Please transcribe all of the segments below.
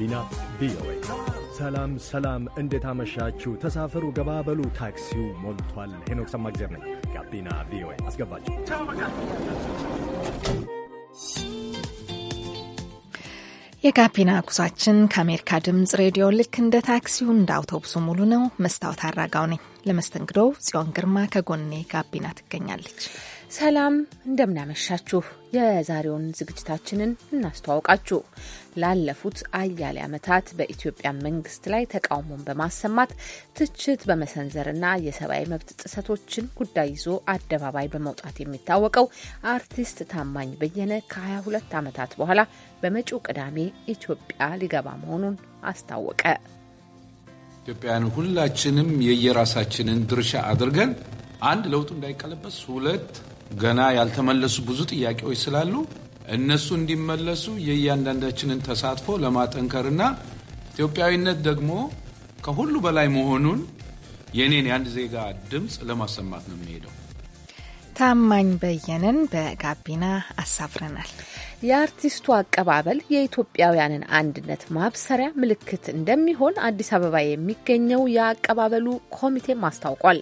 ጋቢና ቪኦኤ። ሰላም ሰላም፣ እንዴት አመሻችሁ? ተሳፈሩ፣ ገባበሉ፣ ታክሲው ሞልቷል። ሄኖክ ሰማግዜር ነኝ። ጋቢና ቪኦኤ አስገባችሁ። የጋቢና ጉዟችን ከአሜሪካ ድምፅ ሬዲዮ ልክ እንደ ታክሲው እንደ አውቶቡሱ ሙሉ ነው። መስታወት አራጋው ነኝ። ለመስተንግዶው ጽዮን ግርማ ከጎኔ ጋቢና ትገኛለች። ሰላም እንደምናመሻችሁ። የዛሬውን ዝግጅታችንን እናስተዋውቃችሁ። ላለፉት አያሌ ዓመታት በኢትዮጵያ መንግስት ላይ ተቃውሞን በማሰማት ትችት በመሰንዘርና የሰብአዊ መብት ጥሰቶችን ጉዳይ ይዞ አደባባይ በመውጣት የሚታወቀው አርቲስት ታማኝ በየነ ከ22 ዓመታት በኋላ በመጪው ቅዳሜ ኢትዮጵያ ሊገባ መሆኑን አስታወቀ። ኢትዮጵያውያን ሁላችንም የየራሳችንን ድርሻ አድርገን አንድ ለውጡ እንዳይቀለበስ ሁለት ገና ያልተመለሱ ብዙ ጥያቄዎች ስላሉ እነሱ እንዲመለሱ የእያንዳንዳችንን ተሳትፎ ለማጠንከርና ኢትዮጵያዊነት ደግሞ ከሁሉ በላይ መሆኑን የኔን የአንድ ዜጋ ድምፅ ለማሰማት ነው የሚሄደው። ታማኝ በየነን በጋቢና አሳፍረናል። የአርቲስቱ አቀባበል የኢትዮጵያውያንን አንድነት ማብሰሪያ ምልክት እንደሚሆን አዲስ አበባ የሚገኘው የአቀባበሉ ኮሚቴም አስታውቋል።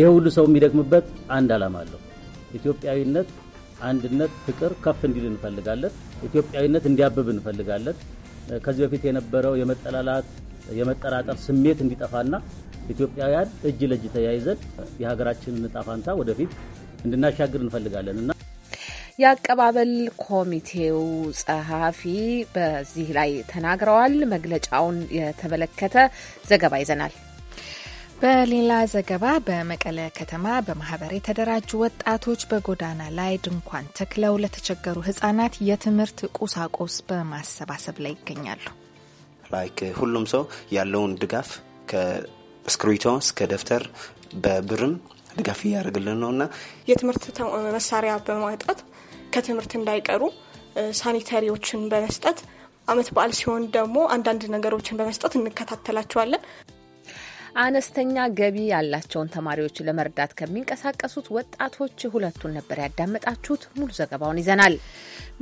ይህ ሁሉ ሰው የሚደክምበት አንድ ዓላማ አለው ኢትዮጵያዊነት፣ አንድነት፣ ፍቅር ከፍ እንዲል እንፈልጋለን። ኢትዮጵያዊነት እንዲያብብ እንፈልጋለን። ከዚህ በፊት የነበረው የመጠላላት የመጠራጠር ስሜት እንዲጠፋና ኢትዮጵያውያን እጅ ለእጅ ተያይዘን የሀገራችንን ዕጣ ፋንታ ወደፊት እንድናሻግር እንፈልጋለን እና የአቀባበል ኮሚቴው ጸሐፊ በዚህ ላይ ተናግረዋል። መግለጫውን የተመለከተ ዘገባ ይዘናል። በሌላ ዘገባ በመቀለ ከተማ በማህበር የተደራጁ ወጣቶች በጎዳና ላይ ድንኳን ተክለው ለተቸገሩ ህጻናት የትምህርት ቁሳቁስ በማሰባሰብ ላይ ይገኛሉ። ላይክ ሁሉም ሰው ያለውን ድጋፍ ከእስክሪብቶ እስከ ደብተር በብርም ድጋፍ እያደረግልን ነው እና የትምህርት መሳሪያ በማውጣት ከትምህርት እንዳይቀሩ ሳኒታሪዎችን በመስጠት አመት በዓል ሲሆን ደግሞ አንዳንድ ነገሮችን በመስጠት እንከታተላቸዋለን። አነስተኛ ገቢ ያላቸውን ተማሪዎች ለመርዳት ከሚንቀሳቀሱት ወጣቶች ሁለቱን ነበር ያዳመጣችሁት። ሙሉ ዘገባውን ይዘናል።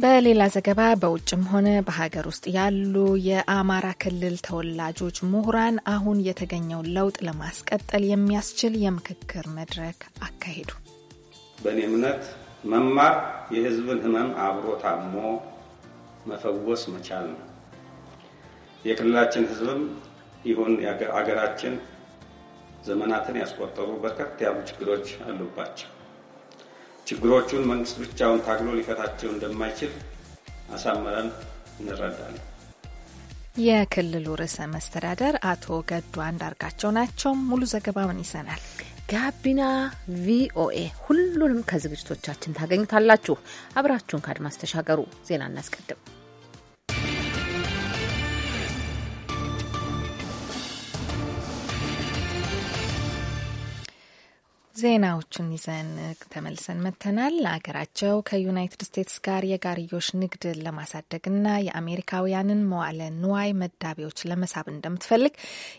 በሌላ ዘገባ በውጭም ሆነ በሀገር ውስጥ ያሉ የአማራ ክልል ተወላጆች ምሁራን አሁን የተገኘውን ለውጥ ለማስቀጠል የሚያስችል የምክክር መድረክ አካሄዱ። በእኔ እምነት መማር የሕዝብን ሕመም አብሮ ታሞ መፈወስ መቻል ነው። የክልላችን ሕዝብም ይሁን አገራችን ዘመናትን ያስቆጠሩ በርከት ያሉ ችግሮች አሉባቸው። ችግሮቹን መንግስት ብቻውን ታግሎ ሊፈታቸው እንደማይችል አሳምረን እንረዳለን። የክልሉ ርዕሰ መስተዳደር አቶ ገዱ አንዳርጋቸው ናቸው። ሙሉ ዘገባውን ይዘናል። ጋቢና ቪኦኤ ሁሉንም ከዝግጅቶቻችን ታገኙታላችሁ። አብራችሁን ከአድማስ ተሻገሩ። ዜና እናስቀድም። ዜናዎቹን ይዘን ተመልሰን መጥተናል። አገራቸው ከዩናይትድ ስቴትስ ጋር የጋርዮሽ ንግድን ለማሳደግና የአሜሪካውያንን መዋለ ንዋይ መዳቢዎች ለመሳብ እንደምትፈልግ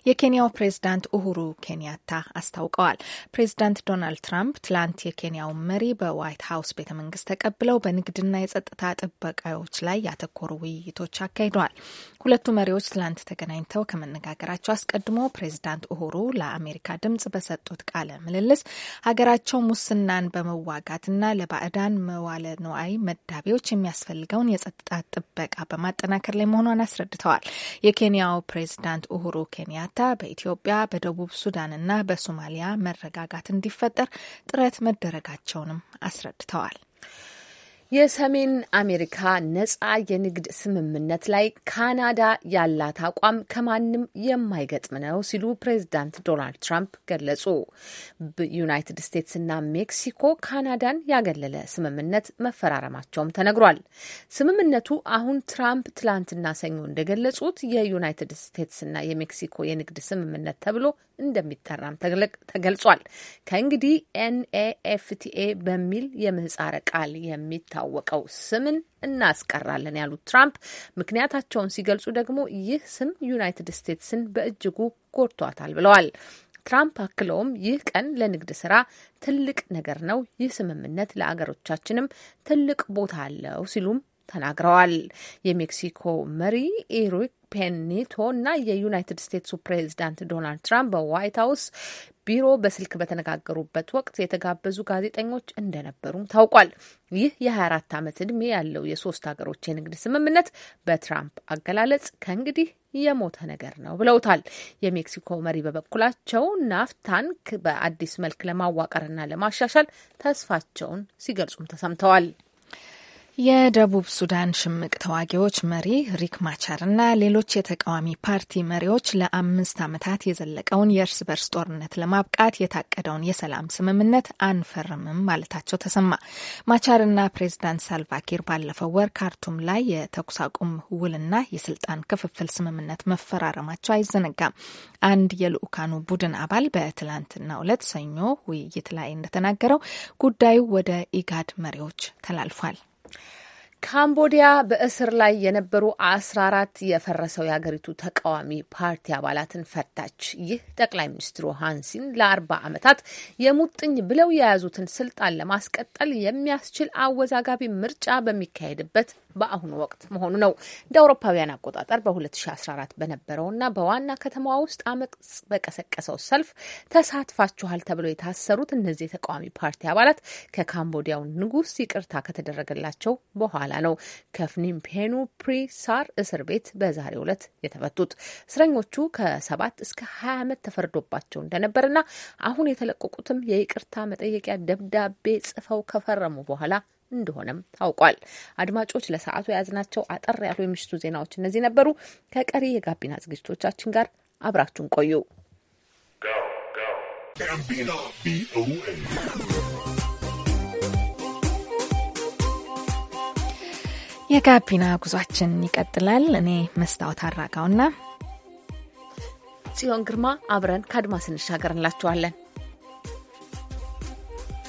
የኬንያው ፕሬዝዳንት ኡሁሩ ኬንያታ አስታውቀዋል። ፕሬዝዳንት ዶናልድ ትራምፕ ትላንት የኬንያውን መሪ በዋይት ሀውስ ቤተ መንግስት ተቀብለው በንግድና የጸጥታ ጥበቃዎች ላይ ያተኮሩ ውይይቶች አካሂደዋል። ሁለቱ መሪዎች ትላንት ተገናኝተው ከመነጋገራቸው አስቀድሞ ፕሬዝዳንት ኡሁሩ ለአሜሪካ ድምጽ በሰጡት ቃለ ምልልስ ሀገራቸው ሙስናን በመዋጋትና ለባዕዳን መዋለ ንዋይ መዳቢዎች የሚያስፈልገውን የጸጥታ ጥበቃ በማጠናከር ላይ መሆኗን አስረድተዋል። የኬንያው ፕሬዚዳንት ኡሁሩ ኬንያታ በኢትዮጵያ በደቡብ ሱዳንና በሶማሊያ መረጋጋት እንዲፈጠር ጥረት መደረጋቸውንም አስረድተዋል። የሰሜን አሜሪካ ነጻ የንግድ ስምምነት ላይ ካናዳ ያላት አቋም ከማንም የማይገጥም ነው ሲሉ ፕሬዚዳንት ዶናልድ ትራምፕ ገለጹ። ዩናይትድ ስቴትስና ሜክሲኮ ካናዳን ያገለለ ስምምነት መፈራረማቸውም ተነግሯል። ስምምነቱ አሁን ትራምፕ ትላንትና ሰኞ እንደገለጹት የዩናይትድ ስቴትስና የሜክሲኮ የንግድ ስምምነት ተብሎ እንደሚጠራም ተገልጿል። ከእንግዲህ ኤንኤኤፍቲኤ በሚል የምህጻረ ቃል የሚታወቀው ስምን እናስቀራለን ያሉት ትራምፕ ምክንያታቸውን ሲገልጹ ደግሞ ይህ ስም ዩናይትድ ስቴትስን በእጅጉ ጎድቷታል ብለዋል። ትራምፕ አክለውም ይህ ቀን ለንግድ ስራ ትልቅ ነገር ነው፣ ይህ ስምምነት ለአገሮቻችንም ትልቅ ቦታ አለው ሲሉም ተናግረዋል። የሜክሲኮ መሪ ኤሪክ ፔኒቶ እና የዩናይትድ ስቴትሱ ፕሬዚዳንት ዶናልድ ትራምፕ በዋይት ሀውስ ቢሮ በስልክ በተነጋገሩበት ወቅት የተጋበዙ ጋዜጠኞች እንደነበሩም ታውቋል። ይህ የ24 ዓመት ዕድሜ ያለው የሶስት ሀገሮች የንግድ ስምምነት በትራምፕ አገላለጽ ከእንግዲህ የሞተ ነገር ነው ብለውታል። የሜክሲኮ መሪ በበኩላቸው ናፍታን በአዲስ መልክ ለማዋቀርና ለማሻሻል ተስፋቸውን ሲገልጹም ተሰምተዋል። የደቡብ ሱዳን ሽምቅ ተዋጊዎች መሪ ሪክ ማቻር እና ሌሎች የተቃዋሚ ፓርቲ መሪዎች ለአምስት ዓመታት የዘለቀውን የእርስ በርስ ጦርነት ለማብቃት የታቀደውን የሰላም ስምምነት አንፈርምም ማለታቸው ተሰማ። ማቻርና ፕሬዚዳንት ሳልቫኪር ባለፈው ወር ካርቱም ላይ የተኩስ አቁም ውልና የስልጣን ክፍፍል ስምምነት መፈራረማቸው አይዘነጋም። አንድ የልኡካኑ ቡድን አባል በትላንትናው ዕለት ሰኞ ውይይት ላይ እንደተናገረው ጉዳዩ ወደ ኢጋድ መሪዎች ተላልፏል። ካምቦዲያ በእስር ላይ የነበሩ አስራ አራት የፈረሰው የሀገሪቱ ተቃዋሚ ፓርቲ አባላትን ፈታች። ይህ ጠቅላይ ሚኒስትሩ ሃንሲን ለአርባ ዓመታት የሙጥኝ ብለው የያዙትን ስልጣን ለማስቀጠል የሚያስችል አወዛጋቢ ምርጫ በሚካሄድበት በአሁኑ ወቅት መሆኑ ነው። እንደ አውሮፓውያን አቆጣጠር በ2014 በነበረውና በዋና ከተማዋ ውስጥ አመፅ በቀሰቀሰው ሰልፍ ተሳትፋችኋል ተብለው የታሰሩት እነዚህ የተቃዋሚ ፓርቲ አባላት ከካምቦዲያው ንጉስ ይቅርታ ከተደረገላቸው በኋላ ነው ከፍኒምፔኑ ፕሪሳር እስር ቤት በዛሬው ዕለት የተፈቱት። እስረኞቹ ከሰባት እስከ ሀያ ዓመት ተፈርዶባቸው እንደነበርና አሁን የተለቀቁትም የይቅርታ መጠየቂያ ደብዳቤ ጽፈው ከፈረሙ በኋላ እንደሆነም ታውቋል። አድማጮች ለሰዓቱ የያዝናቸው አጠር ያሉ የምሽቱ ዜናዎች እነዚህ ነበሩ። ከቀሪ የጋቢና ዝግጅቶቻችን ጋር አብራችሁን ቆዩ። የጋቢና ጉዟችን ይቀጥላል። እኔ መስታወት አራጋውና ጽዮን ግርማ አብረን ከአድማስ እንሻገር እንላችኋለን።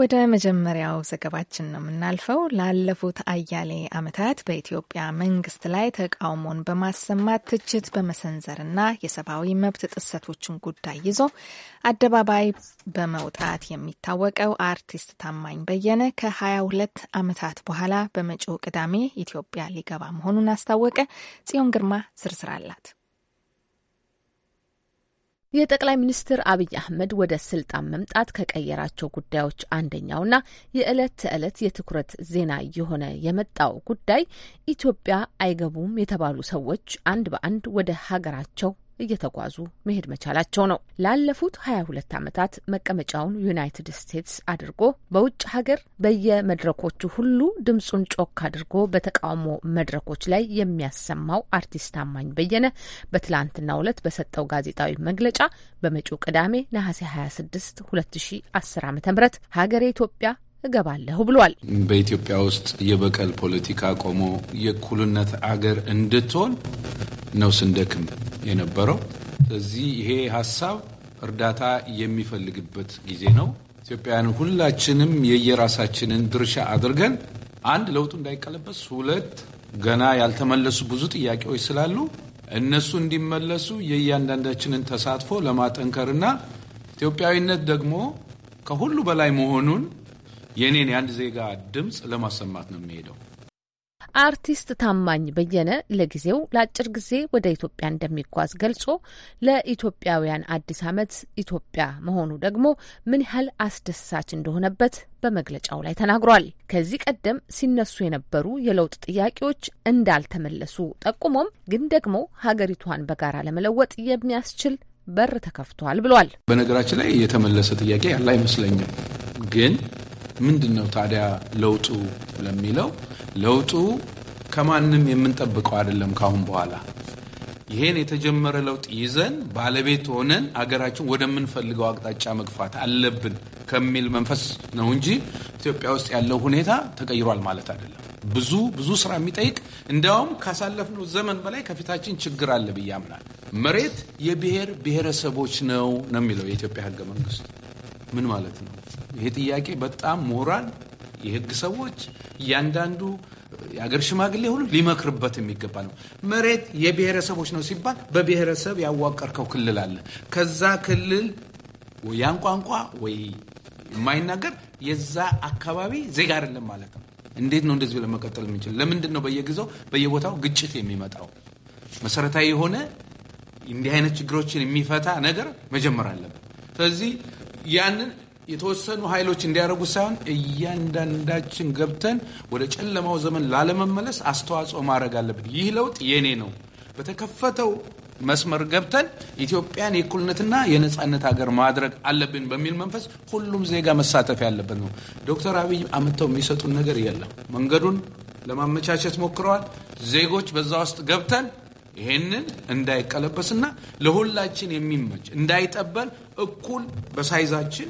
ወደ መጀመሪያው ዘገባችን ነው የምናልፈው። ላለፉት አያሌ ዓመታት በኢትዮጵያ መንግስት ላይ ተቃውሞን በማሰማት ትችት በመሰንዘርና የሰብአዊ መብት ጥሰቶችን ጉዳይ ይዞ አደባባይ በመውጣት የሚታወቀው አርቲስት ታማኝ በየነ ከ22 ዓመታት በኋላ በመጪው ቅዳሜ ኢትዮጵያ ሊገባ መሆኑን አስታወቀ። ጽዮን ግርማ ዝርዝር አላት። የጠቅላይ ሚኒስትር አብይ አህመድ ወደ ስልጣን መምጣት ከቀየራቸው ጉዳዮች አንደኛውና የዕለት ተዕለት የትኩረት ዜና የሆነ የመጣው ጉዳይ ኢትዮጵያ አይገቡም የተባሉ ሰዎች አንድ በአንድ ወደ ሀገራቸው እየተጓዙ መሄድ መቻላቸው ነው። ላለፉት 22 ዓመታት መቀመጫውን ዩናይትድ ስቴትስ አድርጎ በውጭ ሀገር በየመድረኮቹ ሁሉ ድምፁን ጮክ አድርጎ በተቃውሞ መድረኮች ላይ የሚያሰማው አርቲስት ታማኝ በየነ በትላንትናው ዕለት በሰጠው ጋዜጣዊ መግለጫ በመጪው ቅዳሜ ነሐሴ 26 2010 ዓ ም ሀገሬ ኢትዮጵያ እገባለሁ ብሏል። በኢትዮጵያ ውስጥ የበቀል ፖለቲካ ቆሞ የእኩልነት አገር እንድትሆን ነው ስንደክም የነበረው። ስለዚህ ይሄ ሀሳብ እርዳታ የሚፈልግበት ጊዜ ነው። ኢትዮጵያውያን ሁላችንም የየራሳችንን ድርሻ አድርገን አንድ ለውጡ እንዳይቀለበስ፣ ሁለት ገና ያልተመለሱ ብዙ ጥያቄዎች ስላሉ እነሱ እንዲመለሱ የእያንዳንዳችንን ተሳትፎ ለማጠንከርና ኢትዮጵያዊነት ደግሞ ከሁሉ በላይ መሆኑን የኔን የአንድ ዜጋ ድምፅ ለማሰማት ነው የሚሄደው። አርቲስት ታማኝ በየነ ለጊዜው ለአጭር ጊዜ ወደ ኢትዮጵያ እንደሚጓዝ ገልጾ ለኢትዮጵያውያን አዲስ ዓመት ኢትዮጵያ መሆኑ ደግሞ ምን ያህል አስደሳች እንደሆነበት በመግለጫው ላይ ተናግሯል። ከዚህ ቀደም ሲነሱ የነበሩ የለውጥ ጥያቄዎች እንዳልተመለሱ ጠቁሞም ግን ደግሞ ሀገሪቷን በጋራ ለመለወጥ የሚያስችል በር ተከፍቷል ብሏል። በነገራችን ላይ የተመለሰ ጥያቄ ያለ አይመስለኝም። ግን ምንድን ነው ታዲያ ለውጡ ለሚለው ለውጡ ከማንም የምንጠብቀው አይደለም። ካሁን በኋላ ይሄን የተጀመረ ለውጥ ይዘን ባለቤት ሆነን አገራችን ወደምንፈልገው አቅጣጫ መግፋት አለብን ከሚል መንፈስ ነው እንጂ ኢትዮጵያ ውስጥ ያለው ሁኔታ ተቀይሯል ማለት አይደለም። ብዙ ብዙ ስራ የሚጠይቅ እንዲያውም ካሳለፍነው ዘመን በላይ ከፊታችን ችግር አለ ብዬ አምናለሁ። መሬት የብሔር ብሔረሰቦች ነው ነው የሚለው የኢትዮጵያ ህገ መንግስት። ምን ማለት ነው ይሄ ጥያቄ? በጣም ምሁራን የህግ ሰዎች፣ እያንዳንዱ የአገር ሽማግሌ ሁሉ ሊመክርበት የሚገባ ነው። መሬት የብሔረሰቦች ነው ሲባል በብሔረሰብ ያዋቀርከው ክልል አለ። ከዛ ክልል ያን ቋንቋ ወይ የማይናገር የዛ አካባቢ ዜጋ አይደለም ማለት ነው። እንዴት ነው እንደዚህ ብለን መቀጠል የምንችል? ለምንድን ነው በየጊዜው በየቦታው ግጭት የሚመጣው? መሰረታዊ የሆነ እንዲህ አይነት ችግሮችን የሚፈታ ነገር መጀመር አለበት። ስለዚህ ያንን የተወሰኑ ኃይሎች እንዲያደርጉ ሳይሆን እያንዳንዳችን ገብተን ወደ ጨለማው ዘመን ላለመመለስ አስተዋጽኦ ማድረግ አለብን። ይህ ለውጥ የኔ ነው። በተከፈተው መስመር ገብተን ኢትዮጵያን የእኩልነትና የነጻነት ሀገር ማድረግ አለብን በሚል መንፈስ ሁሉም ዜጋ መሳተፍ ያለበት ነው። ዶክተር አብይ አምተው የሚሰጡን ነገር የለም። መንገዱን ለማመቻቸት ሞክረዋል። ዜጎች በዛ ውስጥ ገብተን ይሄንን እንዳይቀለበስና ለሁላችን የሚመች እንዳይጠበል እኩል በሳይዛችን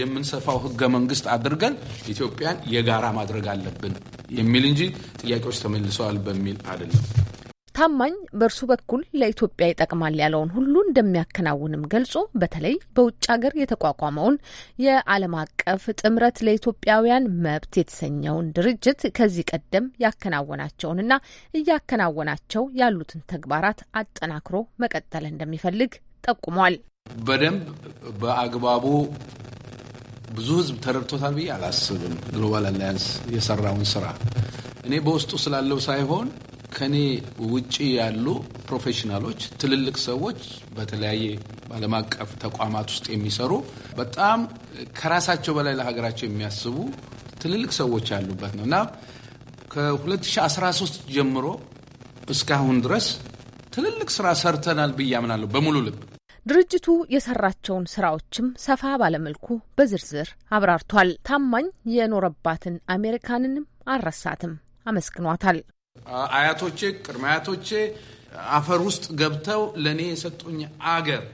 የምንሰፋው ህገ መንግስት አድርገን ኢትዮጵያን የጋራ ማድረግ አለብን የሚል እንጂ ጥያቄዎች ተመልሰዋል በሚል አይደለም። ታማኝ በእርሱ በኩል ለኢትዮጵያ ይጠቅማል ያለውን ሁሉ እንደሚያከናውንም ገልጾ በተለይ በውጭ ሀገር የተቋቋመውን የዓለም አቀፍ ጥምረት ለኢትዮጵያውያን መብት የተሰኘውን ድርጅት ከዚህ ቀደም ያከናወናቸውንና እያከናወናቸው ያሉትን ተግባራት አጠናክሮ መቀጠል እንደሚፈልግ ጠቁሟል። በደንብ በአግባቡ ብዙ ህዝብ ተረድቶታል ብዬ አላስብም። ግሎባል አላያንስ የሰራውን ስራ እኔ በውስጡ ስላለው ሳይሆን ከኔ ውጪ ያሉ ፕሮፌሽናሎች፣ ትልልቅ ሰዎች በተለያየ ዓለም አቀፍ ተቋማት ውስጥ የሚሰሩ በጣም ከራሳቸው በላይ ለሀገራቸው የሚያስቡ ትልልቅ ሰዎች ያሉበት ነው እና ከ2013 ጀምሮ እስካሁን ድረስ ትልልቅ ስራ ሰርተናል ብዬ አምናለሁ በሙሉ ልብ ድርጅቱ የሰራቸውን ስራዎችም ሰፋ ባለመልኩ በዝርዝር አብራርቷል። ታማኝ የኖረባትን አሜሪካንንም አልረሳትም፣ አመስግኗታል። አያቶቼ ቅድመ አያቶቼ አፈር ውስጥ ገብተው ለእኔ የሰጡኝ አገር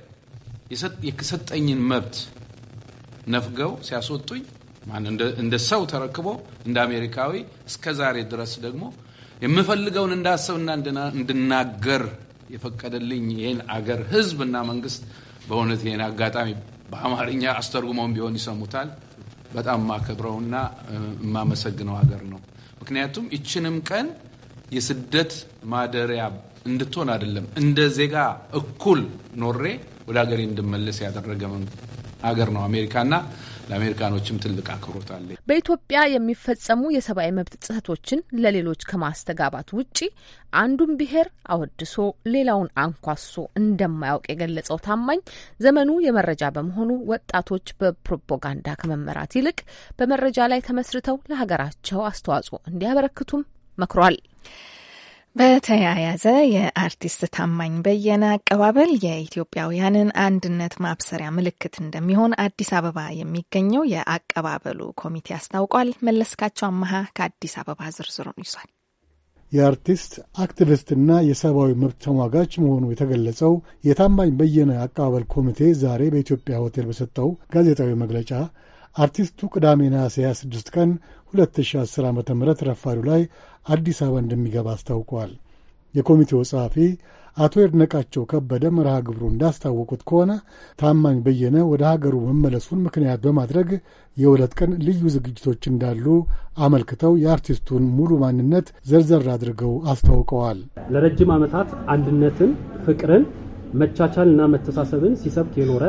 የሰጠኝን መብት ነፍገው ሲያስወጡኝ እንደ ሰው ተረክቦ እንደ አሜሪካዊ እስከ ዛሬ ድረስ ደግሞ የምፈልገውን እንዳሰብና እንድናገር የፈቀደልኝ ይህን አገር ህዝብ መንግስት በእውነት ይህን አጋጣሚ በአማርኛ አስተርጉመውን ቢሆን ይሰሙታል። በጣም የማከብረውና የማመሰግነው ሀገር ነው። ምክንያቱም ይችንም ቀን የስደት ማደሪያ እንድትሆን አይደለም እንደ ዜጋ እኩል ኖሬ ወደ ሀገሬ እንድመለስ ያደረገ አገር ነው አሜሪካና ለአሜሪካኖችም ትልቅ አክብሮት አለ። በኢትዮጵያ የሚፈጸሙ የሰብአዊ መብት ጥሰቶችን ለሌሎች ከማስተጋባት ውጪ አንዱን ብሔር አወድሶ ሌላውን አንኳሶ እንደማያውቅ የገለጸው ታማኝ ዘመኑ የመረጃ በመሆኑ ወጣቶች በፕሮፓጋንዳ ከመመራት ይልቅ በመረጃ ላይ ተመስርተው ለሀገራቸው አስተዋጽኦ እንዲያበረክቱም መክሯል። በተያያዘ የአርቲስት ታማኝ በየነ አቀባበል የኢትዮጵያውያንን አንድነት ማብሰሪያ ምልክት እንደሚሆን አዲስ አበባ የሚገኘው የአቀባበሉ ኮሚቴ አስታውቋል። መለስካቸው አመሃ ከአዲስ አበባ ዝርዝሩን ይዟል። የአርቲስት አክቲቪስትና የሰብአዊ መብት ተሟጋች መሆኑ የተገለጸው የታማኝ በየነ አቀባበል ኮሚቴ ዛሬ በኢትዮጵያ ሆቴል በሰጠው ጋዜጣዊ መግለጫ አርቲስቱ ቅዳሜ ነሐሴ 26 ቀን 2010 ዓ ም ረፋዱ ላይ አዲስ አበባ እንደሚገባ አስታውቀዋል። የኮሚቴው ጸሐፊ አቶ የድነቃቸው ከበደ መርሃ ግብሩ እንዳስታወቁት ከሆነ ታማኝ በየነ ወደ ሀገሩ መመለሱን ምክንያት በማድረግ የሁለት ቀን ልዩ ዝግጅቶች እንዳሉ አመልክተው የአርቲስቱን ሙሉ ማንነት ዘርዘር አድርገው አስታውቀዋል። ለረጅም ዓመታት አንድነትን፣ ፍቅርን፣ መቻቻልና መተሳሰብን ሲሰብክ የኖረ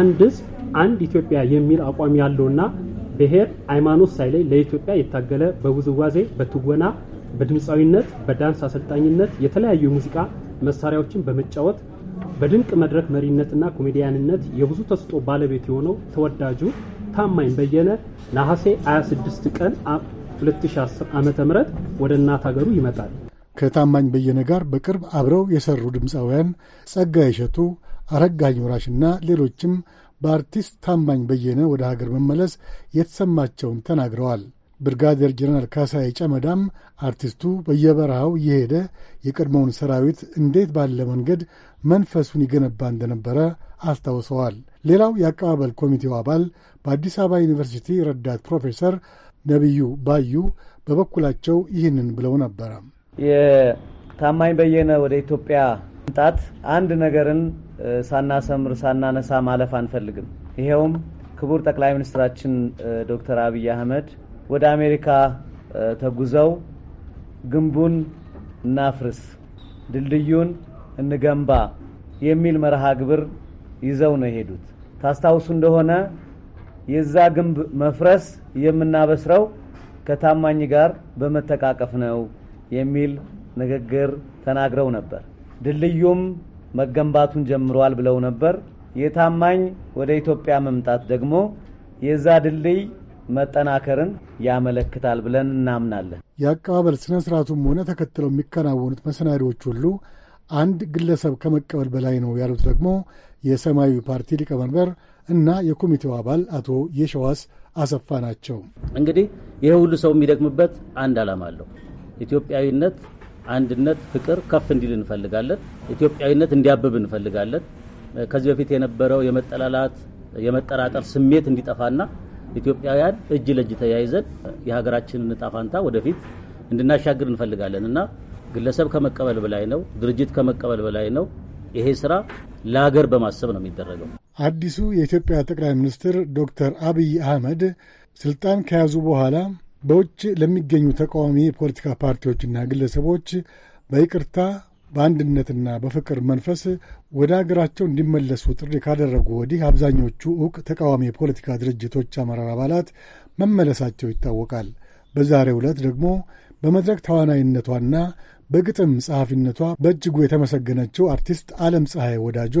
አንድ ህዝብ አንድ ኢትዮጵያ የሚል አቋም ያለውና ብሔር፣ ሃይማኖት ሳይለይ ለኢትዮጵያ የታገለ በውዝዋዜ፣ በትወና፣ በድምፃዊነት፣ በዳንስ አሰልጣኝነት የተለያዩ የሙዚቃ መሳሪያዎችን በመጫወት በድንቅ መድረክ መሪነትና ኮሜዲያንነት የብዙ ተስጦ ባለቤት የሆነው ተወዳጁ ታማኝ በየነ ነሐሴ 26 ቀን 2010 ዓ ም ወደ እናት ሀገሩ ይመጣል። ከታማኝ በየነ ጋር በቅርብ አብረው የሰሩ ድምፃውያን ጸጋ የሸቱ አረጋኝ ወራሽና ሌሎችም በአርቲስት ታማኝ በየነ ወደ ሀገር መመለስ የተሰማቸውን ተናግረዋል። ብርጋዴር ጀነራል ካሳይ ጨመዳም አርቲስቱ በየበረሃው እየሄደ የቀድሞውን ሰራዊት እንዴት ባለ መንገድ መንፈሱን ይገነባ እንደነበረ አስታውሰዋል። ሌላው የአቀባበል ኮሚቴው አባል በአዲስ አበባ ዩኒቨርሲቲ ረዳት ፕሮፌሰር ነቢዩ ባዩ በበኩላቸው ይህንን ብለው ነበረ። የታማኝ በየነ ወደ ኢትዮጵያ ጣት አንድ ነገርን ሳናሰምር ሳናነሳ ማለፍ አንፈልግም። ይኸውም ክቡር ጠቅላይ ሚኒስትራችን ዶክተር አብይ አህመድ ወደ አሜሪካ ተጉዘው ግንቡን እናፍርስ፣ ድልድዩን እንገንባ የሚል መርሃ ግብር ይዘው ነው የሄዱት። ታስታውሱ እንደሆነ የዛ ግንብ መፍረስ የምናበስረው ከታማኝ ጋር በመተቃቀፍ ነው የሚል ንግግር ተናግረው ነበር። ድልድዩም መገንባቱን ጀምሯል ብለው ነበር። የታማኝ ወደ ኢትዮጵያ መምጣት ደግሞ የዛ ድልድይ መጠናከርን ያመለክታል ብለን እናምናለን። የአቀባበል ስነ ስርዓቱም ሆነ ተከትለው የሚከናወኑት መሰናሪዎች ሁሉ አንድ ግለሰብ ከመቀበል በላይ ነው ያሉት ደግሞ የሰማያዊ ፓርቲ ሊቀመንበር እና የኮሚቴው አባል አቶ የሸዋስ አሰፋ ናቸው። እንግዲህ ይህ ሁሉ ሰው የሚደግምበት አንድ ዓላማ አለው። ኢትዮጵያዊነት አንድነት፣ ፍቅር ከፍ እንዲል እንፈልጋለን። ኢትዮጵያዊነት እንዲያብብ እንፈልጋለን። ከዚህ በፊት የነበረው የመጠላላት የመጠራጠር ስሜት እንዲጠፋና ኢትዮጵያውያን እጅ ለእጅ ተያይዘን የሀገራችንን ጣፋንታ ፋንታ ወደፊት እንድናሻግር እንፈልጋለን እና ግለሰብ ከመቀበል በላይ ነው፣ ድርጅት ከመቀበል በላይ ነው። ይሄ ስራ ለሀገር በማሰብ ነው የሚደረገው። አዲሱ የኢትዮጵያ ጠቅላይ ሚኒስትር ዶክተር አብይ አህመድ ስልጣን ከያዙ በኋላ በውጭ ለሚገኙ ተቃዋሚ የፖለቲካ ፓርቲዎችና ግለሰቦች በይቅርታ በአንድነትና በፍቅር መንፈስ ወደ አገራቸው እንዲመለሱ ጥሪ ካደረጉ ወዲህ አብዛኞቹ ዕውቅ ተቃዋሚ የፖለቲካ ድርጅቶች አመራር አባላት መመለሳቸው ይታወቃል። በዛሬ ዕለት ደግሞ በመድረክ ተዋናይነቷና በግጥም ጸሐፊነቷ በእጅጉ የተመሰገነችው አርቲስት ዓለም ፀሐይ ወዳጆ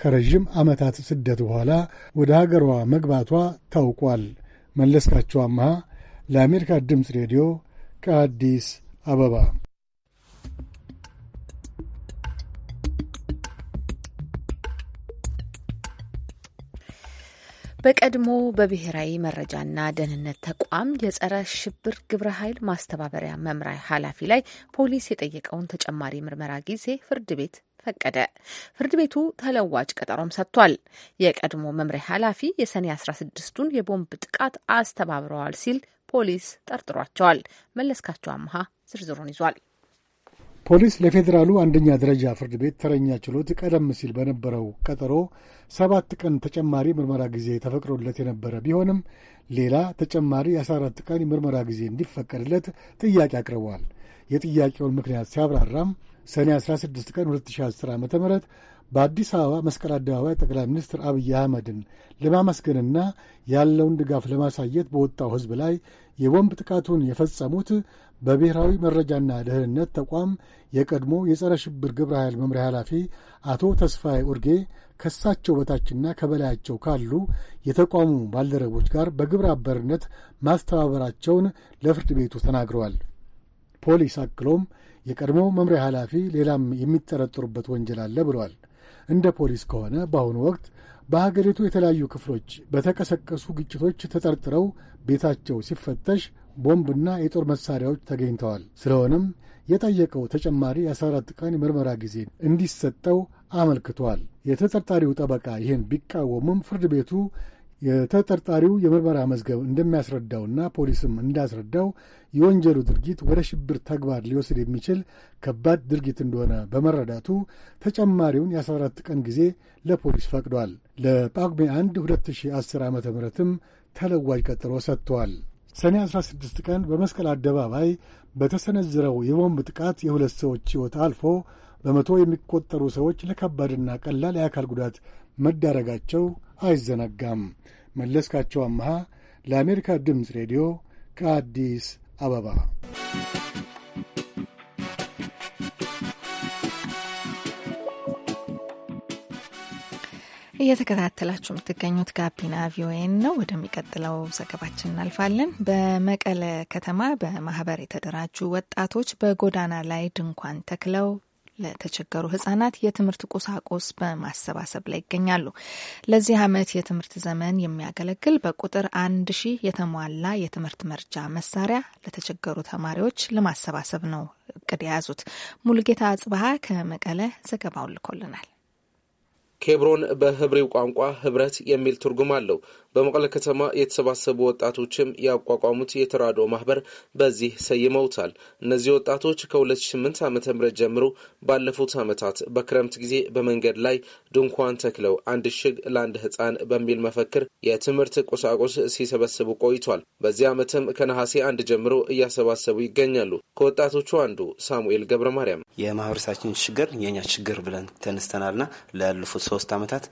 ከረዥም ዓመታት ስደት በኋላ ወደ ሀገሯ መግባቷ ታውቋል። መለስካቸው አመሃ ለአሜሪካ ድምፅ ሬዲዮ ከአዲስ አበባ በቀድሞ በብሔራዊ መረጃና ደህንነት ተቋም የጸረ ሽብር ግብረ ኃይል ማስተባበሪያ መምሪያ ኃላፊ ላይ ፖሊስ የጠየቀውን ተጨማሪ ምርመራ ጊዜ ፍርድ ቤት ፈቀደ። ፍርድ ቤቱ ተለዋጭ ቀጠሮም ሰጥቷል። የቀድሞ መምሪያ ኃላፊ የሰኔ 16ቱን የቦምብ ጥቃት አስተባብረዋል ሲል ፖሊስ ጠርጥሯቸዋል። መለስካቸው አምሃ ዝርዝሩን ይዟል። ፖሊስ ለፌዴራሉ አንደኛ ደረጃ ፍርድ ቤት ተረኛ ችሎት ቀደም ሲል በነበረው ቀጠሮ ሰባት ቀን ተጨማሪ ምርመራ ጊዜ ተፈቅዶለት የነበረ ቢሆንም ሌላ ተጨማሪ የአስራ አራት ቀን ምርመራ ጊዜ እንዲፈቀድለት ጥያቄ አቅርበዋል። የጥያቄውን ምክንያት ሲያብራራም ሰኔ 16 ቀን 2010 ዓ ም በአዲስ አበባ መስቀል አደባባይ ጠቅላይ ሚኒስትር አብይ አህመድን ለማመስገንና ያለውን ድጋፍ ለማሳየት በወጣው ሕዝብ ላይ የቦምብ ጥቃቱን የፈጸሙት በብሔራዊ መረጃና ደህንነት ተቋም የቀድሞ የጸረ ሽብር ግብረ ኃይል መምሪያ ኃላፊ አቶ ተስፋዬ ኡርጌ ከሳቸው በታችና ከበላያቸው ካሉ የተቋሙ ባልደረቦች ጋር በግብረ አበርነት ማስተባበራቸውን ለፍርድ ቤቱ ተናግረዋል። ፖሊስ አክሎም የቀድሞው መምሪያ ኃላፊ ሌላም የሚጠረጠሩበት ወንጀል አለ ብለዋል። እንደ ፖሊስ ከሆነ በአሁኑ ወቅት በሀገሪቱ የተለያዩ ክፍሎች በተቀሰቀሱ ግጭቶች ተጠርጥረው ቤታቸው ሲፈተሽ ቦምብና የጦር መሳሪያዎች ተገኝተዋል። ስለሆነም የጠየቀው ተጨማሪ የ14 ቀን የምርመራ ጊዜ እንዲሰጠው አመልክቷል። የተጠርጣሪው ጠበቃ ይህን ቢቃወምም ፍርድ ቤቱ የተጠርጣሪው የምርመራ መዝገብ እንደሚያስረዳውና ፖሊስም እንዳስረዳው የወንጀሉ ድርጊት ወደ ሽብር ተግባር ሊወስድ የሚችል ከባድ ድርጊት እንደሆነ በመረዳቱ ተጨማሪውን የ14 ቀን ጊዜ ለፖሊስ ፈቅዷል። ለጳጉሜ 1 2010 ዓ ምትም ተለዋጅ ቀጠሮ ሰጥቷል። ሰኔ 16 ቀን በመስቀል አደባባይ በተሰነዘረው የቦምብ ጥቃት የሁለት ሰዎች ሕይወት አልፎ በመቶ የሚቆጠሩ ሰዎች ለከባድና ቀላል የአካል ጉዳት መዳረጋቸው አይዘነጋም። መለስካቸው አመሃ ለአሜሪካ ድምፅ ሬዲዮ ከአዲስ አበባ። እየተከታተላችሁ የምትገኙት ጋቢና ቪኦኤን ነው። ወደሚቀጥለው ዘገባችን እናልፋለን። በመቀለ ከተማ በማህበር የተደራጁ ወጣቶች በጎዳና ላይ ድንኳን ተክለው ለተቸገሩ ህጻናት የትምህርት ቁሳቁስ በማሰባሰብ ላይ ይገኛሉ። ለዚህ አመት የትምህርት ዘመን የሚያገለግል በቁጥር አንድ ሺህ የተሟላ የትምህርት መርጃ መሳሪያ ለተቸገሩ ተማሪዎች ለማሰባሰብ ነው እቅድ የያዙት። ሙልጌታ አጽብሃ ከመቀለ ዘገባው ልኮልናል። ኬብሮን በህብሪው ቋንቋ ህብረት የሚል ትርጉም አለው። በመቀለ ከተማ የተሰባሰቡ ወጣቶችም ያቋቋሙት የተራድኦ ማህበር በዚህ ሰይመውታል። እነዚህ ወጣቶች ከ2008 ዓ ም ጀምሮ ባለፉት ዓመታት በክረምት ጊዜ በመንገድ ላይ ድንኳን ተክለው አንድ እሽግ ለአንድ ህፃን በሚል መፈክር የትምህርት ቁሳቁስ ሲሰበስቡ ቆይቷል። በዚህ ዓመትም ከነሐሴ አንድ ጀምሮ እያሰባሰቡ ይገኛሉ። ከወጣቶቹ አንዱ ሳሙኤል ገብረ ማርያም የማህበረሰባችን ችግር የእኛ ችግር ብለን ተነስተናልና ላለፉት ሶስት ዓመታት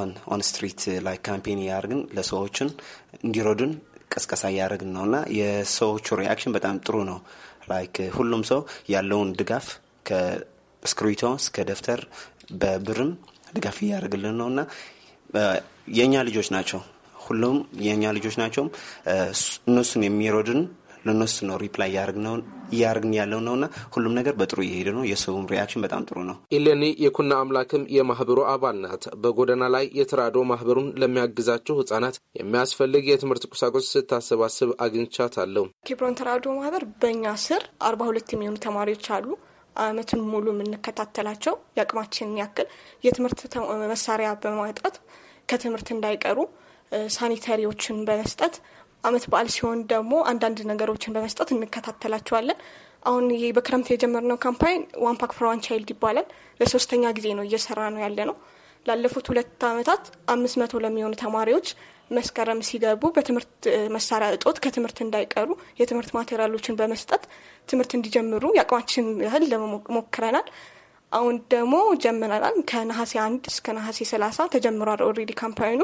ኦን ስትሪት ላይ ካምፔን ያርግን ለሰዎችን እንዲረዱን ቀስቀሳ እያደረግን እና የሰዎቹ ሪያክሽን በጣም ጥሩ ነው። ላይክ ሁሉም ሰው ያለውን ድጋፍ ከእስክሪቶ እስከ ደብተር በብርም ድጋፍ እያደረግልን እና የእኛ ልጆች ናቸው። ሁሉም የእኛ ልጆች ናቸው። እነሱን የሚረዱን ለእነሱ ነው ሪፕላይ እያርግን ያለው ነውና ሁሉም ነገር በጥሩ እየሄደ ነው። የሰውም ሪያክሽን በጣም ጥሩ ነው። ኢሌኒ የኩና አምላክም የማህበሩ አባል ናት። በጎዳና ላይ የተራዶ ማህበሩን ለሚያግዛቸው ህጻናት የሚያስፈልግ የትምህርት ቁሳቁስ ስታሰባስብ አግኝቻት አለው። ኬብሮን ተራዶ ማህበር በእኛ ስር አርባ ሁለት የሚሆኑ ተማሪዎች አሉ። አመቱን ሙሉ የምንከታተላቸው የአቅማችንን ያክል የትምህርት መሳሪያ በማጣት ከትምህርት እንዳይቀሩ ሳኒተሪዎችን በመስጠት አመት በዓል ሲሆን ደግሞ አንዳንድ ነገሮችን በመስጠት እንከታተላቸዋለን። አሁን ይሄ በክረምት የጀመርነው ካምፓይን ዋን ፓክ ፎር ዋን ቻይልድ ይባላል። ለሶስተኛ ጊዜ ነው እየሰራ ነው ያለ ነው። ላለፉት ሁለት አመታት አምስት መቶ ለሚሆኑ ተማሪዎች መስከረም ሲገቡ በትምህርት መሳሪያ እጦት ከትምህርት እንዳይቀሩ የትምህርት ማቴሪያሎችን በመስጠት ትምህርት እንዲጀምሩ የአቅማችን ያህል ለመሞክረናል። አሁን ደግሞ ጀምረናል። ከነሐሴ አንድ እስከ ነሐሴ ሰላሳ ተጀምሯል ኦልሬዲ ካምፓይኑ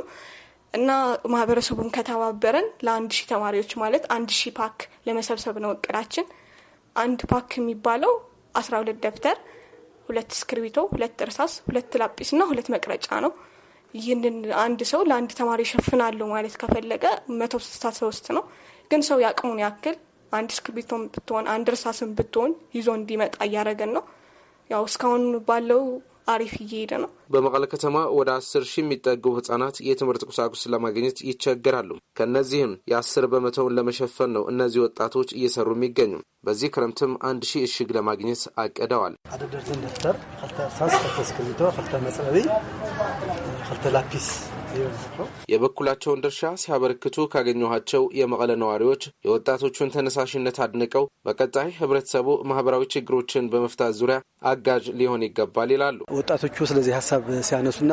እና ማህበረሰቡን ከተባበረን ለአንድ ሺህ ተማሪዎች ማለት አንድ ሺህ ፓክ ለመሰብሰብ ነው እቅዳችን። አንድ ፓክ የሚባለው አስራ ሁለት ደብተር፣ ሁለት እስክርቢቶ፣ ሁለት እርሳስ፣ ሁለት ላጲስ እና ሁለት መቅረጫ ነው። ይህንን አንድ ሰው ለአንድ ተማሪ ይሸፍናሉ ማለት ከፈለገ መቶ ስልሳ ሶስት ነው። ግን ሰው ያቅሙን ያክል አንድ እስክርቢቶን ብትሆን አንድ እርሳስን ብትሆን ይዞ እንዲመጣ እያደረገን ነው። ያው እስካሁን ባለው አሪፍ እየሄደ ነው። በመቀለ ከተማ ወደ አስር ሺህ የሚጠጉ ህጻናት የትምህርት ቁሳቁስ ለማግኘት ይቸገራሉ። ከእነዚህም የአስር በመቶውን ለመሸፈን ነው እነዚህ ወጣቶች እየሰሩ የሚገኙ። በዚህ ክረምትም አንድ ሺህ እሽግ ለማግኘት አቅደዋል። ደብተር ክልተ እርሳስ ክልተ እስክሪብቶ ክልተ መጽረቢ ክልተ ላፒስ የበኩላቸውን ድርሻ ሲያበረክቱ ካገኘኋቸው የመቀለ ነዋሪዎች የወጣቶቹን ተነሳሽነት አድንቀው በቀጣይ ህብረተሰቡ ማህበራዊ ችግሮችን በመፍታት ዙሪያ አጋዥ ሊሆን ይገባል ይላሉ። ወጣቶቹ ስለዚህ ሀሳብ ሲያነሱና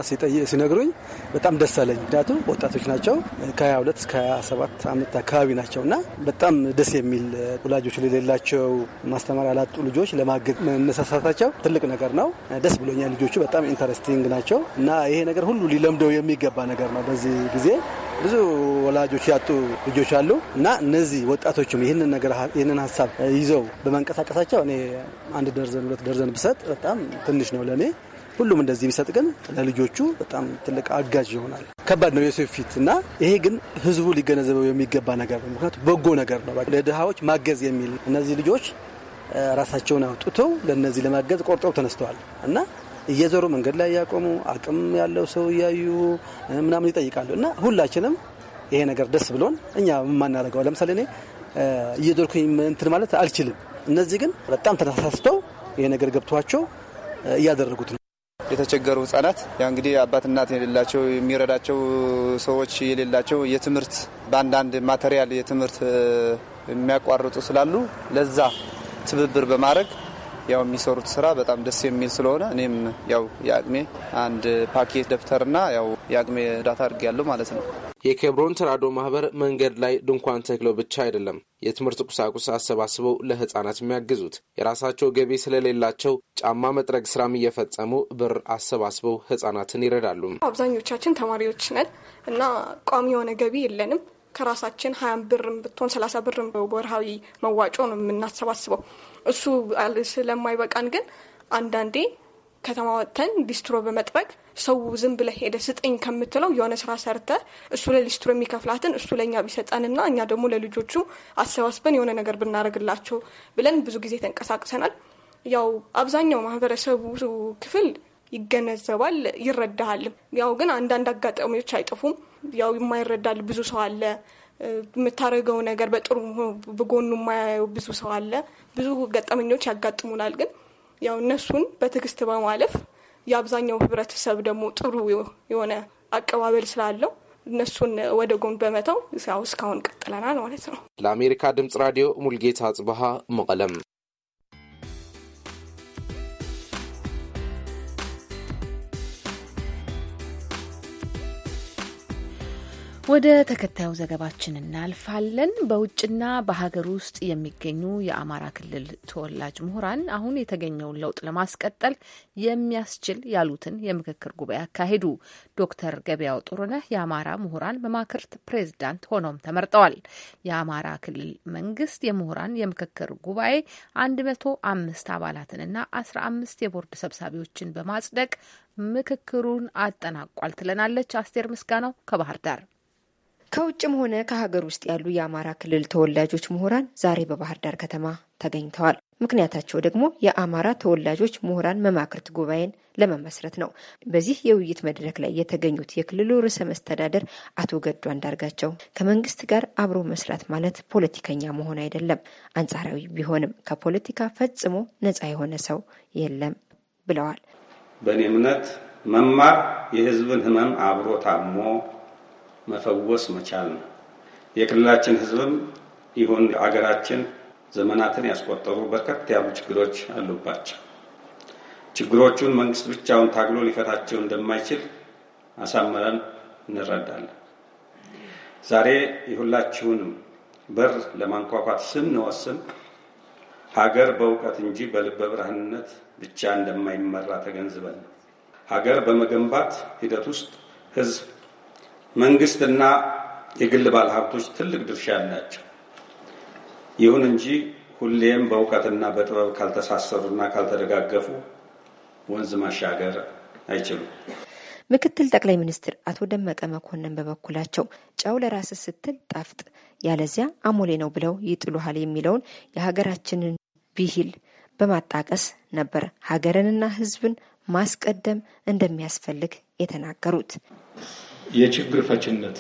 ሲነግሩኝ በጣም ደስ አለኝ። ምክንያቱም ወጣቶች ናቸው ከ22 እስከ 27 ዓመት አካባቢ ናቸው እና በጣም ደስ የሚል ወላጆች ለሌላቸው ማስተማሪያ ላጡ ልጆች ለማገዝ መነሳሳታቸው ትልቅ ነገር ነው። ደስ ብሎኛል። ልጆቹ በጣም ኢንተረስቲንግ ናቸው እና ይሄ ነገር ሁሉ ሊለምደው የሚገባ ነገር ነው። በዚህ ጊዜ ብዙ ወላጆች ያጡ ልጆች አሉ እና እነዚህ ወጣቶችም ይህንን ነገር ይህንን ሀሳብ ይዘው በመንቀሳቀሳቸው እኔ አንድ ደርዘን ሁለት ደርዘን ብሰጥ በጣም ትንሽ ነው ለእኔ። ሁሉም እንደዚህ ቢሰጥ ግን ለልጆቹ በጣም ትልቅ አጋዥ ይሆናል። ከባድ ነው የሰው ፊት እና ይሄ ግን ህዝቡ ሊገነዘበው የሚገባ ነገር ነው። ምክንያቱም በጎ ነገር ነው ለድሃዎች ማገዝ የሚል እነዚህ ልጆች ራሳቸውን አውጥተው ለእነዚህ ለማገዝ ቆርጠው ተነስተዋል እና እየዞሩ መንገድ ላይ እያቆሙ አቅም ያለው ሰው እያዩ ምናምን ይጠይቃሉ። እና ሁላችንም ይሄ ነገር ደስ ብሎን እኛ የማናደርገው ለምሳሌ እኔ እየዞርኩኝ እንትን ማለት አልችልም። እነዚህ ግን በጣም ተነሳስተው ይሄ ነገር ገብቷቸው እያደረጉት ነው። የተቸገሩ ህጻናት ያ እንግዲህ አባት እናት የሌላቸው የሚረዳቸው ሰዎች የሌላቸው የትምህርት በአንዳንድ ማቴሪያል የትምህርት የሚያቋርጡ ስላሉ ለዛ ትብብር በማድረግ ያው የሚሰሩት ስራ በጣም ደስ የሚል ስለሆነ እኔም ያው የአቅሜ አንድ ፓኬጅ ደብተርና ያው የአቅሜ እርዳታ ያለው ማለት ነው። የኬብሮን ተራድኦ ማህበር መንገድ ላይ ድንኳን ተክለው ብቻ አይደለም የትምህርት ቁሳቁስ አሰባስበው ለህፃናት የሚያግዙት የራሳቸው ገቢ ስለሌላቸው ጫማ መጥረግ ስራም እየፈጸሙ ብር አሰባስበው ህጻናትን ይረዳሉ። አብዛኞቻችን ተማሪዎች ነን እና ቋሚ የሆነ ገቢ የለንም። ከራሳችን ሀያ ብርም ብትሆን ሰላሳ ብርም ወርሃዊ መዋጮ ነው የምናሰባስበው እሱ ስለማይበቃን ግን አንዳንዴ ከተማ ወጥተን ሊስትሮ በመጥበቅ ሰው ዝም ብለ ሄደ ስጠኝ ከምትለው የሆነ ስራ ሰርተ እሱ ለሊስትሮ የሚከፍላትን እሱ ለእኛ ቢሰጠንና እኛ ደግሞ ለልጆቹ አሰባስበን የሆነ ነገር ብናደርግላቸው ብለን ብዙ ጊዜ ተንቀሳቅሰናል። ያው አብዛኛው ማህበረሰቡ ክፍል ይገነዘባል፣ ይረዳሃልም። ያው ግን አንዳንድ አጋጣሚዎች አይጠፉም። ያው የማይረዳል ብዙ ሰው አለ። የምታደርገው ነገር በጥሩ በጎኑ የማያየው ብዙ ሰው አለ። ብዙ ገጠመኞች ያጋጥሙናል። ግን ያው እነሱን በትዕግስት በማለፍ የአብዛኛው ህብረተሰብ ደግሞ ጥሩ የሆነ አቀባበል ስላለው እነሱን ወደ ጎን በመተው ያው እስካሁን ቀጥለናል ማለት ነው። ለአሜሪካ ድምጽ ራዲዮ ሙልጌታ አጽብሃ መቀለም ወደ ተከታዩ ዘገባችን እናልፋለን። በውጭና በሀገር ውስጥ የሚገኙ የአማራ ክልል ተወላጅ ምሁራን አሁን የተገኘውን ለውጥ ለማስቀጠል የሚያስችል ያሉትን የምክክር ጉባኤ አካሄዱ። ዶክተር ገበያው ጥሩነህ የአማራ ምሁራን መማክርት ፕሬዝዳንት ሆነውም ተመርጠዋል። የአማራ ክልል መንግስት የምሁራን የምክክር ጉባኤ አንድ መቶ አምስት አባላትንና አስራ አምስት የቦርድ ሰብሳቢዎችን በማጽደቅ ምክክሩን አጠናቋል ትለናለች አስቴር ምስጋናው ከባህር ዳር። ከውጭም ሆነ ከሀገር ውስጥ ያሉ የአማራ ክልል ተወላጆች ምሁራን ዛሬ በባህር ዳር ከተማ ተገኝተዋል። ምክንያታቸው ደግሞ የአማራ ተወላጆች ምሁራን መማክርት ጉባኤን ለመመስረት ነው። በዚህ የውይይት መድረክ ላይ የተገኙት የክልሉ ርዕሰ መስተዳደር አቶ ገዱ አንዳርጋቸው ከመንግስት ጋር አብሮ መስራት ማለት ፖለቲከኛ መሆን አይደለም፣ አንጻራዊ ቢሆንም ከፖለቲካ ፈጽሞ ነፃ የሆነ ሰው የለም ብለዋል። በእኔ እምነት መማር የህዝብን ህመም አብሮ ታሞ መፈወስ መቻል ነው። የክልላችን ህዝብም ይሁን አገራችን ዘመናትን ያስቆጠሩ በርከት ያሉ ችግሮች አሉባቸው። ችግሮቹን መንግስት ብቻውን ታግሎ ሊፈታቸው እንደማይችል አሳምረን እንረዳለን። ዛሬ የሁላችሁንም በር ለማንኳኳት ስንወስን ሀገር በእውቀት እንጂ በልበ ብርሃንነት ብቻ እንደማይመራ ተገንዝበን ሀገር በመገንባት ሂደት ውስጥ ህዝብ መንግስትና የግል ባለሀብቶች ትልቅ ድርሻ ያላቸው፣ ይሁን እንጂ ሁሌም በእውቀትና በጥበብ ካልተሳሰሩና ካልተደጋገፉ ወንዝ ማሻገር አይችሉም። ምክትል ጠቅላይ ሚኒስትር አቶ ደመቀ መኮንን በበኩላቸው ጨው ለራስ ስትል ጣፍጥ፣ ያለዚያ አሞሌ ነው ብለው ይጥሉሃል የሚለውን የሀገራችንን ብሂል በማጣቀስ ነበር ሀገርንና ሕዝብን ማስቀደም እንደሚያስፈልግ የተናገሩት። የችግር ፈችነት፣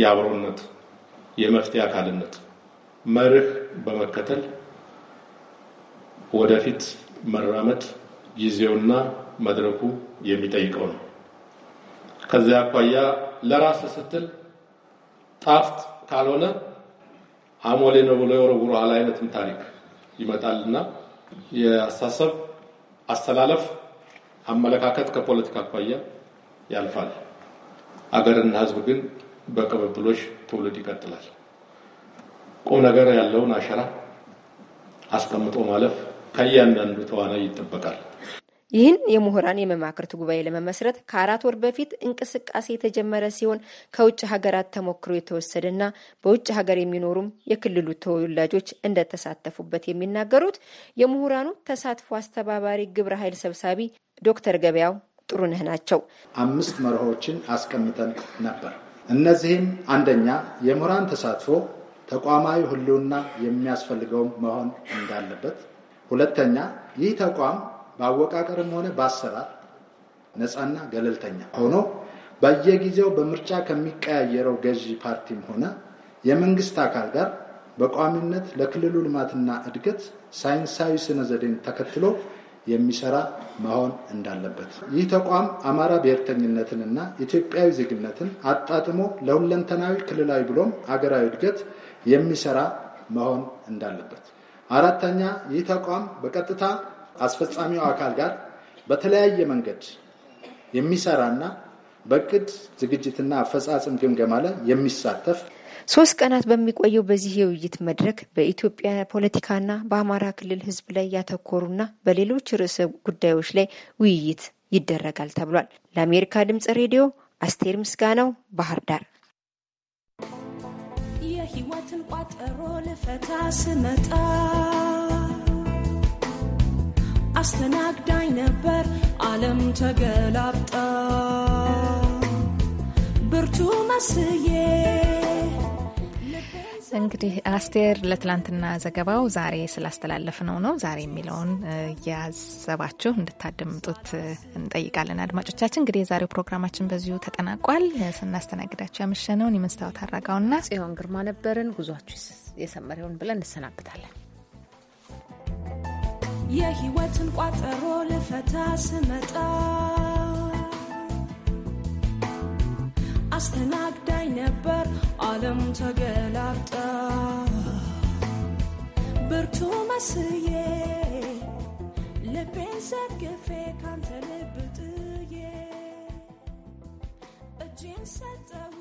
የአብሮነት፣ የመፍትሄ አካልነት መርህ በመከተል ወደፊት መራመድ ጊዜውና መድረኩ የሚጠይቀው ነው። ከዚያ አኳያ ለራስ ስትል ጣፍት ካልሆነ አሞሌ ነው ብሎ የወረውረዋል አይነትም ታሪክ ይመጣልና የአስተሳሰብ አስተላለፍ አመለካከት ከፖለቲካ አኳያ ያልፋል። አገርና ህዝብ ግን በቅብብሎሽ ትውልድ ይቀጥላል። ቁም ነገር ያለውን አሸራ አስቀምጦ ማለፍ ከእያንዳንዱ ተዋናይ ይጠበቃል። ይህን የምሁራን የመማክርት ጉባኤ ለመመስረት ከአራት ወር በፊት እንቅስቃሴ የተጀመረ ሲሆን ከውጭ ሀገራት ተሞክሮ የተወሰደና በውጭ ሀገር የሚኖሩም የክልሉ ተወላጆች እንደተሳተፉበት የሚናገሩት የምሁራኑ ተሳትፎ አስተባባሪ ግብረ ኃይል ሰብሳቢ ዶክተር ገበያው ጥሩነህ ናቸው። አምስት መርሆችን አስቀምጠን ነበር። እነዚህም አንደኛ የምሁራን ተሳትፎ ተቋማዊ ህልውና የሚያስፈልገውም መሆን እንዳለበት፣ ሁለተኛ ይህ ተቋም በአወቃቀርም ሆነ በአሰራር ነፃና ገለልተኛ ሆኖ በየጊዜው በምርጫ ከሚቀያየረው ገዢ ፓርቲም ሆነ የመንግስት አካል ጋር በቋሚነት ለክልሉ ልማትና እድገት ሳይንሳዊ ስነ ዘዴን ተከትሎ የሚሰራ መሆን እንዳለበት ይህ ተቋም አማራ ብሔርተኝነትንና ኢትዮጵያዊ ዜግነትን አጣጥሞ ለሁለንተናዊ ክልላዊ ብሎም አገራዊ እድገት የሚሰራ መሆን እንዳለበት። አራተኛ ይህ ተቋም በቀጥታ አስፈጻሚው አካል ጋር በተለያየ መንገድ የሚሰራና በእቅድ ዝግጅትና አፈጻጽም ግምገማ ላይ የሚሳተፍ ሶስት ቀናት በሚቆየው በዚህ የውይይት መድረክ በኢትዮጵያ ፖለቲካና በአማራ ክልል ሕዝብ ላይ ያተኮሩና በሌሎች ርዕሰ ጉዳዮች ላይ ውይይት ይደረጋል ተብሏል። ለአሜሪካ ድምጽ ሬዲዮ አስቴር ምስጋናው ባህር ዳር። የህይወትን ቋጠሮ ልፈታ ስመጣ አስተናግዳኝ ነበር ዓለም ተገላብጣ ብርቱ መስዬ እንግዲህ አስቴር ለትላንትና ዘገባው ዛሬ ስላስተላለፍነው ነው። ዛሬ የሚለውን እያዘባችሁ እንድታደምጡት እንጠይቃለን። አድማጮቻችን እንግዲህ የዛሬው ፕሮግራማችን በዚሁ ተጠናቋል። ስናስተናግዳቸው ያመሸነውን የመስታወት አራጋውና ጽዮን ግርማ ነበርን። ጉዟችሁ የሰመሪውን ብለን እንሰናብታለን። የህይወትን ቋጠሮ ልፈታ ስመጣ አስተናግዳኝ ነበር ዓለም ተገላብጣ ብርቱ መስዬ ልቤን ዘርግፌ ካንተ ልብ ጥዬ እጄን ሰጠው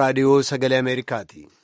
Radio Sagale